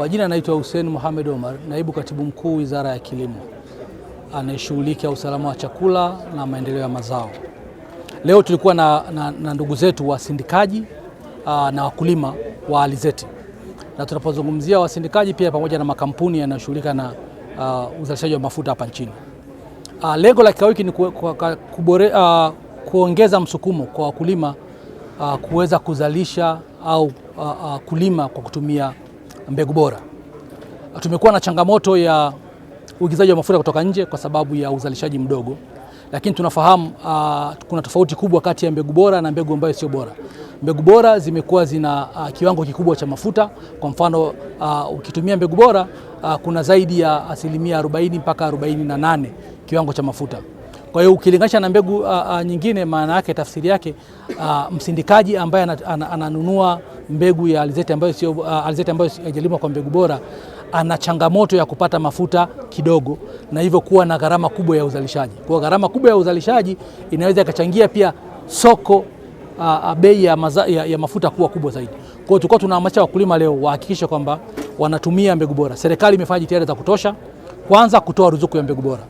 Kwa jina naitwa Hussein Mohamed Omar, naibu katibu mkuu Wizara ya Kilimo anayeshughulikia usalama wa chakula na maendeleo ya mazao. Leo tulikuwa na, na, na ndugu zetu wasindikaji na wakulima wa alizeti, na tunapozungumzia wasindikaji pia pamoja na makampuni yanayoshughulika na uh, uzalishaji wa mafuta hapa nchini. Uh, lengo la kikao hiki ni kubore, uh, kuongeza msukumo kwa wakulima uh, kuweza kuzalisha au uh, uh, kulima kwa kutumia mbegu bora. Tumekuwa na changamoto ya uigizaji wa mafuta kutoka nje kwa sababu ya uzalishaji mdogo, lakini tunafahamu uh, kuna tofauti kubwa kati ya mbegu bora na mbegu ambayo sio bora. Mbegu bora zimekuwa zina uh, kiwango kikubwa cha mafuta. Kwa mfano uh, ukitumia mbegu bora uh, kuna zaidi ya asilimia 40 mpaka 48 kiwango cha mafuta. Kwa hiyo ukilinganisha na mbegu uh, uh, nyingine, maana yake tafsiri yake uh, msindikaji ambaye ananunua mbegu ya alizeti ambayo sio uh, alizeti ambayo haijalimwa kwa mbegu bora, ana changamoto ya kupata mafuta kidogo na hivyo kuwa na gharama kubwa ya uzalishaji. Kwa gharama kubwa ya uzalishaji inaweza ikachangia pia soko uh, uh bei ya, ya, ya mafuta kuwa kubwa zaidi. Kwa hiyo tulikuwa tunahamasisha wakulima leo wahakikishe kwamba wanatumia mbegu bora. Serikali imefanya jitihada za kutosha, kwanza kutoa ruzuku ya mbegu bora.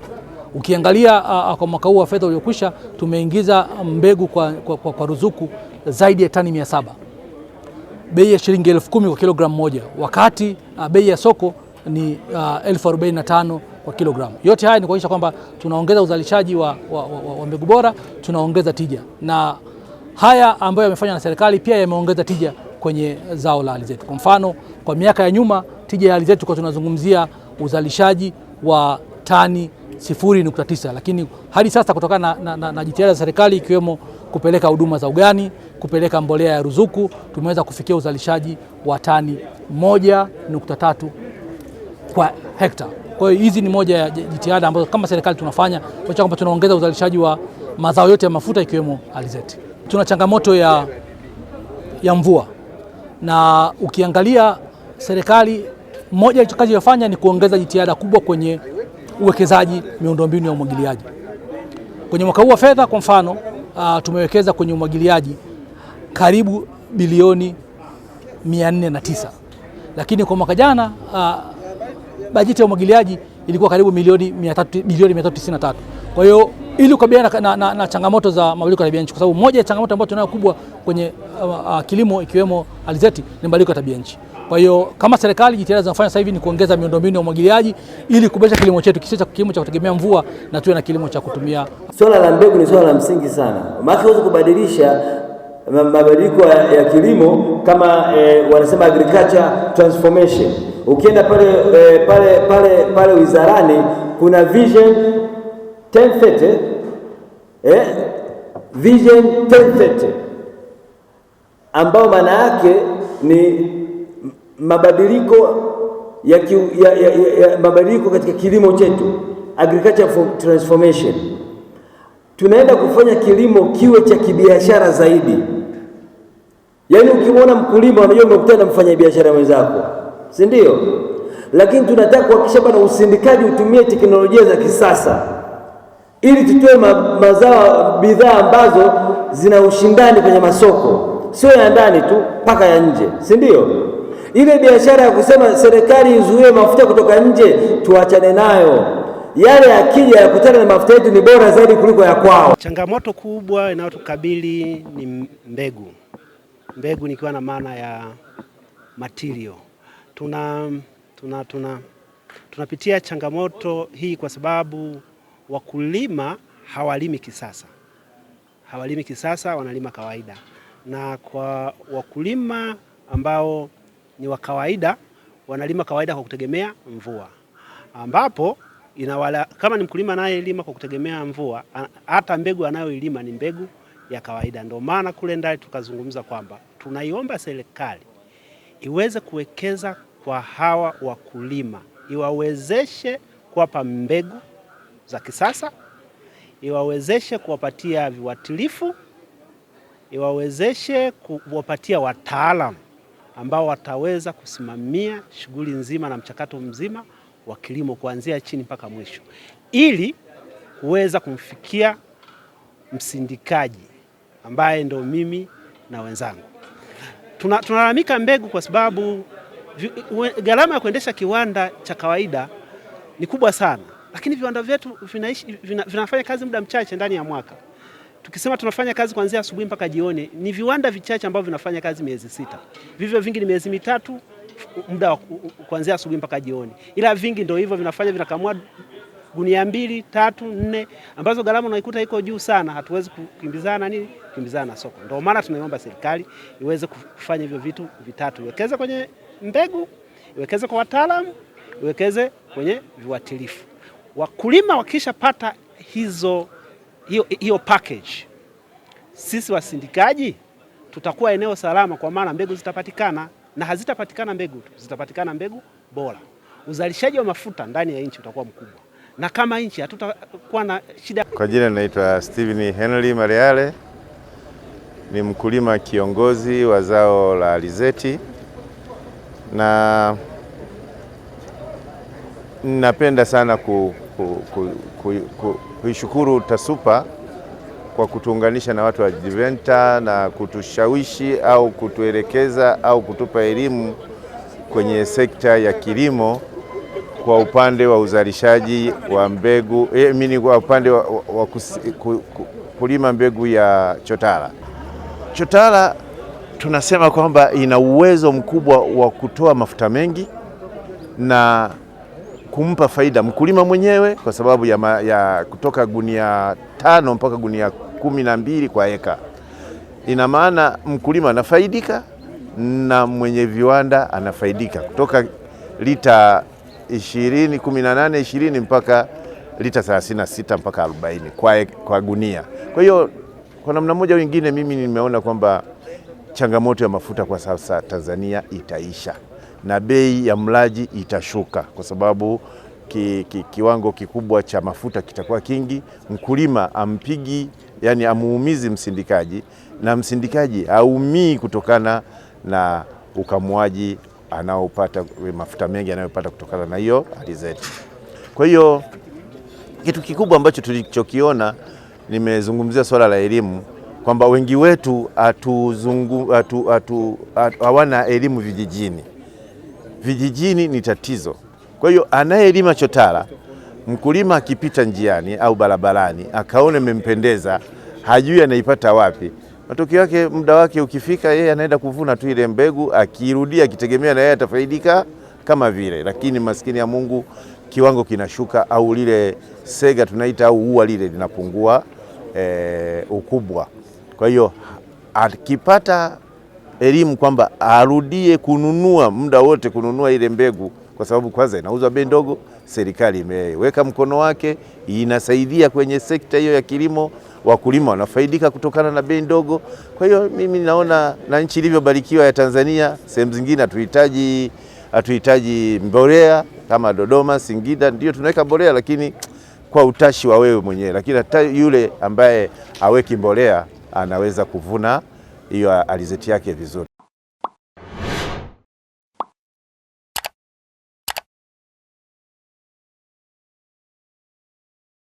Ukiangalia uh, uh kwa mwaka huu wa fedha uliokwisha tumeingiza mbegu kwa, kwa, kwa, kwa ruzuku zaidi ya tani mia saba bei ya shilingi elfu kumi kwa kilogramu moja, wakati uh, bei ya soko ni uh, elfu arobaini na tano kwa kilogramu. Yote haya ni kuonyesha kwamba tunaongeza uzalishaji wa, wa, wa, wa mbegu bora, tunaongeza tija, na haya ambayo yamefanywa na serikali pia yameongeza tija kwenye zao la alizeti. Kwa mfano, kwa miaka ya nyuma tija ya alizeti tulikuwa tunazungumzia uzalishaji wa tani 0.9 lakini hadi sasa kutokana na, na, na, na jitihada za serikali ikiwemo kupeleka huduma za ugani kupeleka mbolea ya ruzuku tumeweza kufikia uzalishaji wa tani 1.3 kwa hekta. Kwa hiyo hizi ni moja ya jitihada ambazo kama serikali tunafanya kuhakikisha kwamba tunaongeza uzalishaji wa mazao yote ya mafuta ikiwemo alizeti. Tuna changamoto ya, ya mvua na ukiangalia serikali moja itakachofanya ni kuongeza jitihada kubwa kwenye uwekezaji miundombinu ya umwagiliaji. Kwenye mwaka huu wa fedha kwa mfano, uh, tumewekeza kwenye umwagiliaji karibu bilioni 409, lakini kwa mwaka jana uh, bajeti ya umwagiliaji ilikuwa karibu milioni bilioni 393. Kwa hiyo ili kukabiliana na, na, na changamoto za mabadiliko ya tabia nchi, kwa sababu moja ya changamoto ambayo tunayo kubwa kwenye uh, uh, kilimo ikiwemo alizeti ni mabadiliko ya tabia nchi. Kwa hiyo kama serikali, jitihada zinafanya sasa hivi ni kuongeza miundombinu ya umwagiliaji ili kuboresha kilimo chetu, kisiwe cha kilimo cha kutegemea mvua na tuwe na kilimo cha kutumia. Swala la mbegu ni swala la msingi sana, maana huwezi kubadilisha mabadiliko ya kilimo kama e, wanasema agriculture transformation. Ukienda pale e, pale pale pale wizarani kuna vision 1030 eh, vision 1030 ambao maana yake ni mabadiliko ya, ya, ya, ya, ya mabadiliko katika kilimo chetu agriculture transformation tunaenda kufanya kilimo kiwe cha kibiashara zaidi. Yaani ukimwona mkulima unajua umekutana na mfanyabiashara mwenzako, si ndio? Lakini tunataka kuhakikisha bwana, usindikaji utumie teknolojia za kisasa ili tutoe ma mazao, bidhaa ambazo zina ushindani kwenye masoko, sio ya ndani tu mpaka ya nje, si ndio? Ile biashara ya kusema serikali izuie mafuta kutoka nje, tuachane nayo yale akija yakutana na mafuta yetu ni bora zaidi kuliko ya kwao. Changamoto kubwa inayotukabili ni mbegu, mbegu nikiwa na maana ya material. Tuna tuna tuna tunapitia changamoto hii kwa sababu wakulima hawalimi kisasa, hawalimi kisasa, wanalima kawaida, na kwa wakulima ambao ni wa kawaida wanalima kawaida kwa kutegemea mvua ambapo inawala, kama ni mkulima anayelima kwa kutegemea mvua, hata mbegu anayoilima ni mbegu ya kawaida. Ndio maana kule ndani tukazungumza kwamba tunaiomba serikali iweze kuwekeza kwa hawa wakulima, iwawezeshe kuwapa mbegu za kisasa, iwawezeshe kuwapatia viwatilifu iwawezeshe kuwapatia wataalamu ambao wataweza kusimamia shughuli nzima na mchakato mzima wa kilimo kuanzia chini mpaka mwisho, ili kuweza kumfikia msindikaji ambaye ndo mimi na wenzangu. Tunalalamika tuna mbegu kwa sababu gharama ya kuendesha kiwanda cha kawaida ni kubwa sana, lakini viwanda vyetu vinaishi, vina, vinafanya kazi muda mchache ndani ya mwaka. Tukisema tunafanya kazi kuanzia asubuhi mpaka jioni, ni viwanda vichache ambavyo vinafanya kazi miezi sita, vivyo vingi ni miezi mitatu muda wa kuanzia asubuhi mpaka jioni, ila vingi ndio hivyo vinafanya vinakamua gunia mbili tatu nne, ambazo gharama unaikuta iko juu sana. Hatuwezi kukimbizana nini, kukimbizana na soko. Ndio maana tunaiomba serikali iweze kufanya hivyo vitu vitatu: iwekeze kwenye mbegu, iwekeze kwa wataalamu, iwekeze kwenye viuatilifu. Wakulima wakishapata hizo hiyo, hiyo package, sisi wasindikaji tutakuwa eneo salama, kwa maana mbegu zitapatikana na hazitapatikana mbegu tu, zitapatikana mbegu bora. Uzalishaji wa mafuta ndani ya nchi utakuwa mkubwa, na kama nchi hatutakuwa na shida. Kwa jina naitwa Steven Henry Mariale, ni mkulima kiongozi wa zao la alizeti na napenda sana ku, ku, ku, ku, ku, kuishukuru TASUPA kwa kutuunganisha na watu wa jiventa na kutushawishi au kutuelekeza au kutupa elimu kwenye sekta ya kilimo kwa upande wa uzalishaji wa mbegu e, eh, mini kwa upande wa, wa kus, ku, ku, kulima mbegu ya chotara. Chotara tunasema kwamba ina uwezo mkubwa wa kutoa mafuta mengi na kumpa faida mkulima mwenyewe kwa sababu ya, ma, ya kutoka gunia tano mpaka gunia kumi na mbili kwa eka. Ina maana mkulima anafaidika na mwenye viwanda anafaidika kutoka lita 20 18 mpaka lita 36 mpaka 40 kwa, kwa gunia. Kwa hiyo kwa namna moja wengine, mimi nimeona kwamba changamoto ya mafuta kwa sasa Tanzania itaisha na bei ya mlaji itashuka kwa sababu ki, ki, kiwango kikubwa cha mafuta kitakuwa kingi, mkulima ampigi yani amuumizi msindikaji na msindikaji haumii kutokana na ukamuaji anaopata mafuta mengi anayopata kutokana na hiyo alizeti. Kwa hiyo kitu kikubwa ambacho tulichokiona, nimezungumzia swala la elimu kwamba wengi wetu hawana elimu vijijini. Vijijini ni tatizo. Kwa hiyo anayelima chotara mkulima akipita njiani au barabarani akaone mmempendeza, hajui anaipata wapi. Matokeo yake muda wake ukifika, yeye anaenda kuvuna tu ile mbegu, akirudia akitegemea na yeye atafaidika kama vile, lakini maskini ya Mungu kiwango kinashuka, au lile sega tunaita au ua lile linapungua e, ukubwa. Kwa hiyo akipata elimu kwamba arudie kununua muda wote, kununua ile mbegu, kwa sababu kwanza inauzwa bei ndogo serikali imeweka mkono wake, inasaidia kwenye sekta hiyo ya kilimo, wakulima wanafaidika kutokana na bei ndogo. Kwa hiyo mimi naona na nchi ilivyobarikiwa ya Tanzania, sehemu zingine hatuhitaji hatuhitaji mbolea kama Dodoma, Singida, ndio tunaweka mbolea lakini kwa utashi wa wewe mwenyewe, lakini hata yule ambaye aweki mbolea anaweza kuvuna hiyo alizeti yake vizuri.